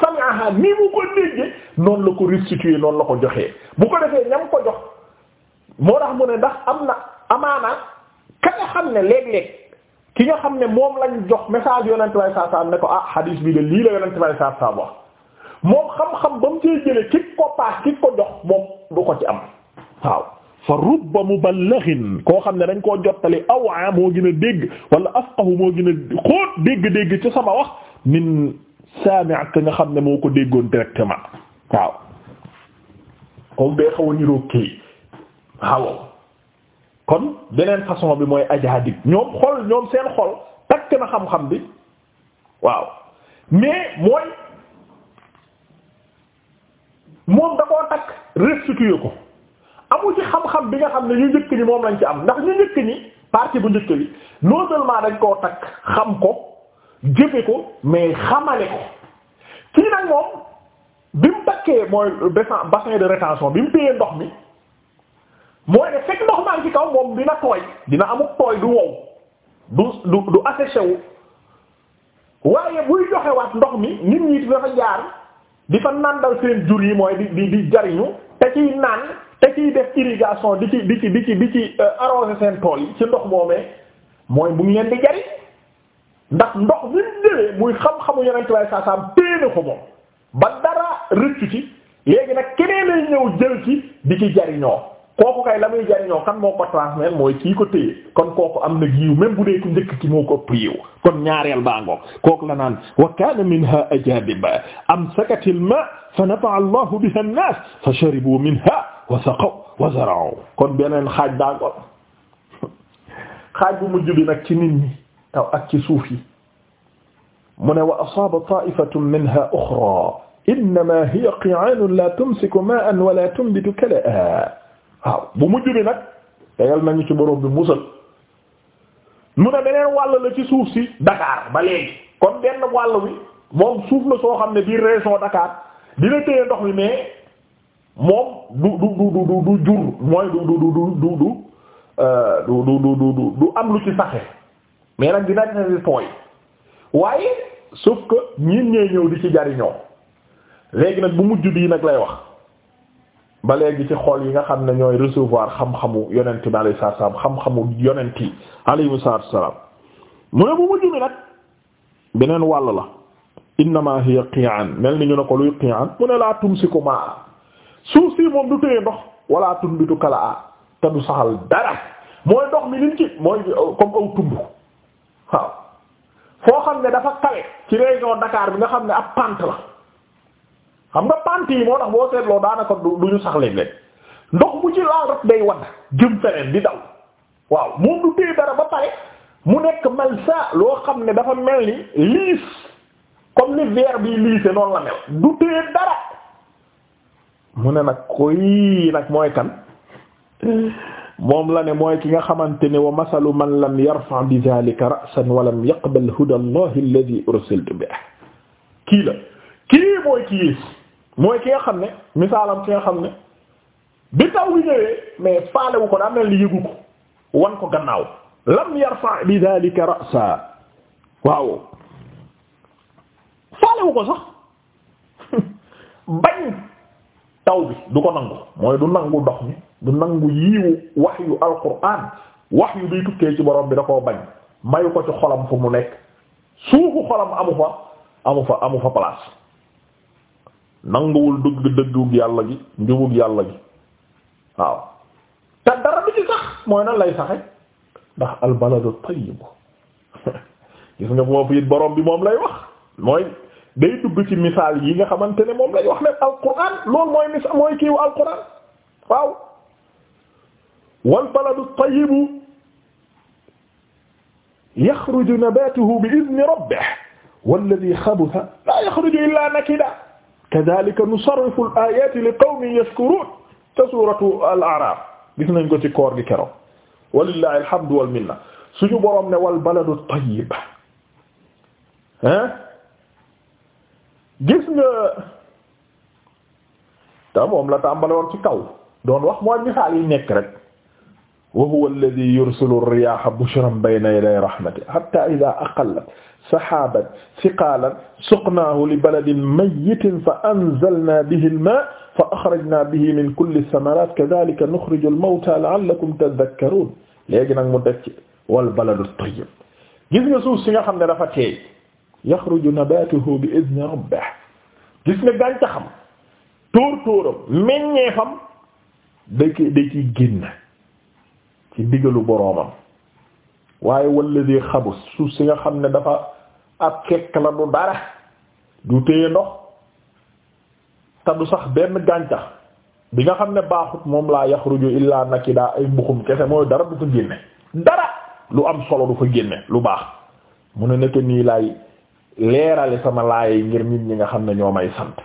sami'aha ni mu ko déggee noonu la ko restituer noonu la ko joxee bu ko defee ñam ko jox moo tax mu ne ndax am na amaana xam ne léeg-léeg nga xam ne moom lañ jox message yonent bay saa saa ko ah hadis bi de lii la yonent bay saa moom xam-xam ba mu cee jëlee ki ko paas ki ko jox moom du ko ci am waaw. fa rubba muballighin koo xam ne dañ koo jottali awaa moo gën a dégg wala afqahu moo gën a xóot dégg-dégg ci sama wax min saami ak nga xam ne moo ko déggoon directement waaw comme bee xaw a niroo kii waaw kon beneen façon bi mooy ajaadib ñoom xol ñoom seen xol takk na xam-xam bi waaw mais mooy moom da koo takk restitué ko amu ci xam-xam bi nga xam ne ñu njëkk ni moom lañ ci am ndax ñu njëkk ni partie bu njëkk bi non seulement dañ koo takk xam ko jëfe ko mais xamale ko kii nag moom bi mu takkee mooy bassin de rétention bi mu téyee ndox mi mooy ne fekk ndox maa ngi ci kaw moom dina tooy dina amuk tooy du wow du du du asséché wu waaye buy joxewaat ndox mi nit ñi dafa jaar di fa nandal seen jur yi mooy di di di jariñu te ciy naan te kiy def irrigation di ci di ci di ci di ci euh, arroser seen tool yi ci ndox moomee mooy bu ñu leen di jariñ ndax ndox mi jëlee muy xam-xamu yonent lay saa saam téene ko moom ba dara rëccu ci léegi nag keneen lay ñëw jël ci di ci jariñoo kooku kay la muy jariñoo kan moo ko transmettre mooy kii ko téye kon kooku am na yiw même bu dee ku njëkk ci moo ko ëpp kon ñaareel baa ngoog kooku la naan wa kaana minha ajadiba am ma fa nafaa allahu biha an-nas fa sharibu minha wa saqaw wa zara'u kon beneen xaaj baa ngoog *laughs* xaaj bu mujj bi nag ci nit ñi taw ak ci suuf yi mu ne wa asaaba ta'ifatun minha ukhra innama hiya qi'aanun la tumsiku ma'an wa la tunbitu kala'a waaw bu mujj bi nag tegal nañu ci borom bi musal mu ne beneen wàll la ci suuf si Dakar ba léegi kon benn wàll wi moom suuf la soo xam ne biir région Dakar dina téye ndox mi mais moom du du du du du jur mooy du du du du du du du du du du am lu ci saxe mais nag dina di tooy waaye sauf que ñiin ñee ñëw di ci jariñoo léegi nag bu mujj bii nag lay wax ba léegi ci xool yi nga xam ne ñooy recevoir xam-xamu yonent bi alayhi salaam xam-xamu yonent yi alayhi salaam mu ne bu mujj bi nag beneen wàll la innama hiya qi'an mel ni ñu ne ko luy qi'an mu ne laa tumsiku maa suuf si moom du téye ndox wala tunbitu kalaa te du saxal dara mooy ndox mi liñ ci mooy comme aw tumb waaw foo xam ne dafa kawe ci région bi nga xam ne ab pente la xam nga pente yi moo tax boo seetloo daanaka du ñu sax léeg-léeg ndox mu ci laal rek day wadd jëm feneen di daw waaw moom du téye dara ba pare mu nekk malsa loo xam ne dafa mel ni liis comme ni verre bi liise noonu la mel du téye dara mu ne nag koy nag mooy kan moom la ne mooy ki nga xamante ne wa masalu man lam yarfa bi zalika ra'san wa lam yaqbal huda allah alladhi ursiltu bihi kii la kii mooy ki xam ne misaalam ki nga xam ne bi taw bi ko daa ko wan ko gannaaw lam yarfa bi zalika ra'sa waaw faalewu ko sax *laughs* taw bi du ko nangu mooy du nangu ndox mi du nangu yiiwu wax yu alquran wax yu biy tukkee ci borom bi da koo bañ mayu ko ci xolam fu mu nekk suufu xolam amu fa amu fa amu fa place nanguwul dëgg dëggug yàlla gi njubug yàlla gi waaw te dara bi ci sax mooy nan lay saxe ndax albaladu tayyib *laughs* gis nga foofu it borom bi moom lay wax mooy day dugg ci misaal yi nga xamante ne moom lañ wax ne alquran loolu mooy misaal mooy kiiwu alquran waaw wal baladu tayyibu yaxruju nabatuhu bi idni rabbih walladi xabuta laa yaxruju illaa nakida kadalika nusarrifu al ayati li qawmin yashkurun te suratu al araf gis nañ ko ci koor gi keroog walillahi alhamdu wal minna suñu boroom ne wal baladu tayyib ah gis nga te moom la tàmbale woon ci kaw doon wax mooy misaal yi nekk rek wa huwa alladhi yursilu ar-riyaha bushran bayna yaday rahmatihi hatta idha aqallat sahaban thiqalan suqnahu li baladin mayyitin fa anzalna bihi al-ma'a fa akhrajna bihi min kulli ath-thamarati kadhalika nukhriju al-mawta la'allakum tadhakkarun léegi nag mu def ci wal baladu at-tayyib gis nga suuf si nga xam ne dafa teey yaxruju nabatuhu bi izni rabbih gis nga gàncaxam tóor tóoram meññeefam da ci génn ci digalu boroomam waaye walladi xabus suuf si nga xam ne dafa ab kekk la du dara du téye ndox te du sax benn gàncax bi nga xam ne baaxut moom laa yaxruju illaa nakida ay mbuxum kese mooy dara du ko génne dara lu am solo du ko génne lu baax mu ne nekk nii laay leerale sama laaya yi ngir nit ñi nga xam ne ñoo may sant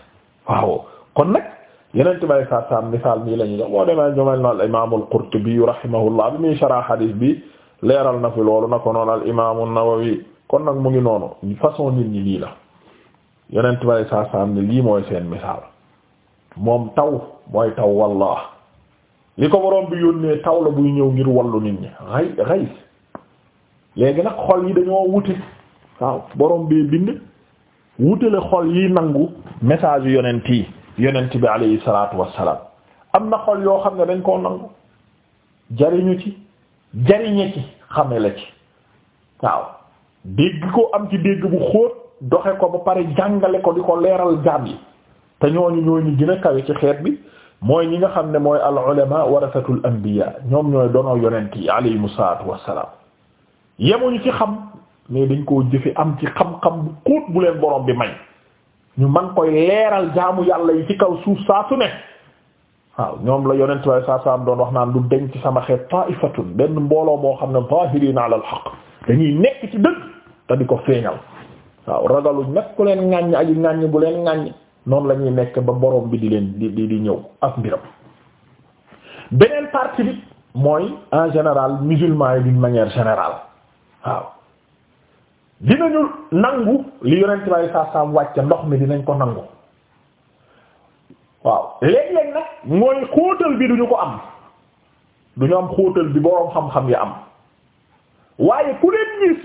waaw kon nag yeneen ci may saat saam misaal nii la ñu jox boo demee ñoom na al imaamu al-Qurtubi bi muy sharah hadith bi leeral na fi loolu na ko noonu al imaamu an-Nawawi kon nag mu ngi noonu façon nit ñi lii la yeneen ci may saat saam ni lii mooy seen misaal moom taw mooy taw wallah li ko waroon bi yónnee taw la buy ñëw ngir wallu nit ñi ray ray léegi nag xol yi dañoo wuti waaw borom bee bind wutale xol yi nangu message yu yonent yi yonent bi alayhi salaatu wassalaam am na xol yoo xam ne dañ koo nangu jariñu ci jariñe ci xame la ci waaw dégg ko am ci dégg bu xóot doxe ko ba pare jàngale ko di ko leeral jaam yi te ñooñu ñooñu gën a kawe ci xeet bi mooy ñi nga xam ne mooy al ulama warasatul anbiya ñoom ñooy dono yonent yi alayhimu salaatu wassalaam yemuñu ci xam mais dañ koo jëfe am ci xam-xam bu xóot bu leen borom bi may ñu man koy leeral jaamu yàlla yi ci kaw suuf saa su ne waaw ñoom la yonent way saa saam doon wax naan du deñ ci sama xeet ta'ifatun benn mbooloo moo xam ne zahirina ala al-haqq dañuy nekk ci dëgg te di ko feeñal waaw ragalu nag ku leen ŋàññ aji ŋàññ bu leen ŋàññ noonu la nekk ba borom bi di leen di di di ñëw ak mbiram beneen partie bi mooy en général musulman yi d'une manière générale waaw dinañu nangu li yonent bi saa saa wàcc ndox mi dinañ ko nangu waaw léeg-léeg nag mooy xóotal bi duñu ko am duñu am xóotal bi boroom xam-xam yi am waaye ku leen gis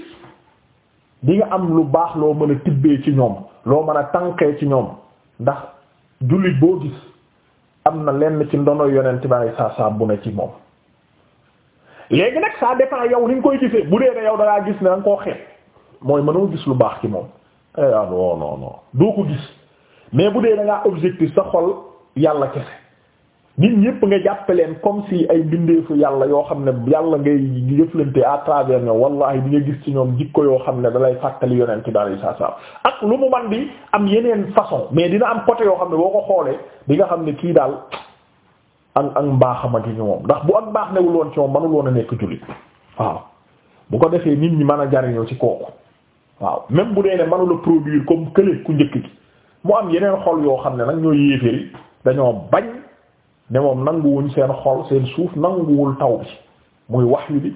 di am lu baax loo mën a tibbee ci ñoom loo mën a tànqee ci ñoom ndax jullit boo gis am na lenn ci ndono yonent bi saa saa bu ne ci moom léegi nag ça dépend yow ni nga koy gisee bu dee ne yow da gis ne da koo xeet mooy mënoo gis lu baax ci moom eh, ah non non non doo ko gis mais bu dee da ngaa objectif sa xol yàlla kese nit ñépp nga jàppe leen comme si ay bindeefu yàlla yoo xam ne yàlla ngay jëflante à travers ñoom wallahi di nga gis ci ñoom jikko yoo xam ne dalay fàttali yonent ci daal saa saa ak lu mu man di am yeneen façon mais dina am côté yoo xam ne boo ko xoolee di nga xam ne kii daal ak ak mbaaxama gi ñu moom ndax bu ak mbaax newul woon ci moom manul woon a nekk jullit waaw bu ko defee nit ñi mën a jariñoo ci kooku waaw même bu dee ne mënula produire comme kële ku njëkk gi mu am yeneen xol yoo xam ne nag ñoo yéeféri dañoo bañ ne moom nanguwuñ seen xol seen suuf nanguwul taw bi muy wahyu bi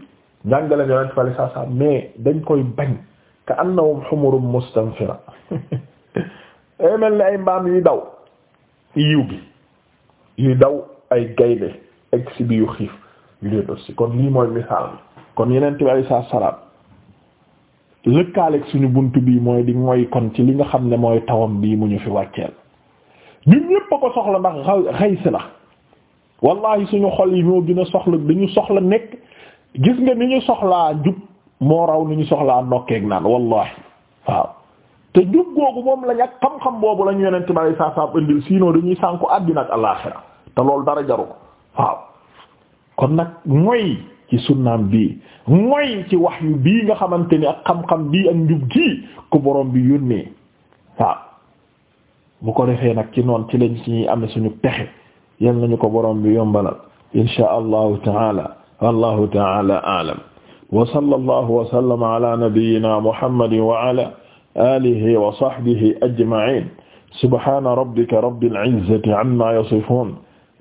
njàngale mais dañ koy bañ ka annahum humurum mustanfira *laughs* mel ni ay mbaam yuy daw yiw bi yuy daw ay gaynde ak si bi yu xiif yu dee dosi kon bi kon yeneen tib ay saa salaam lëkkaaleeg suñu bunt bii mooy di mooy kon ci li nga xam ne mooy tawam bii mu ñu fi wàcceel ñun ñépp ko soxla ndax xays la wallahi suñu xol yi moo gën a soxla dañu soxla nekk gis nga ni ñu soxlaa jub moo raw ni ñu soxlaa nokkeeg naan wallahi waaw te jub googu moom lañ ak xam-xam boobu la yeneen ci bari saa saab indil sinon dañuy sànku àddina ak alaaxira te loolu dara jaru ko waaw kon nag mooy ci sunnaam bii mooy ci wax yu bii nga xamante ni ak xam-xam bii ak njub gii ku borom bi yónnee waaw bu ko defee nag ci noonu ci lañ ci ñuy amee suñu pexe yal nañu ko borom bi yombalal insha allahu taala wallahu taala aalam wa sallallahu wa sallama ala nabiyyina muhammadin wa ala alihi wa sahbihi ajma'in subhana rabbika rabbil izzati amma yasifun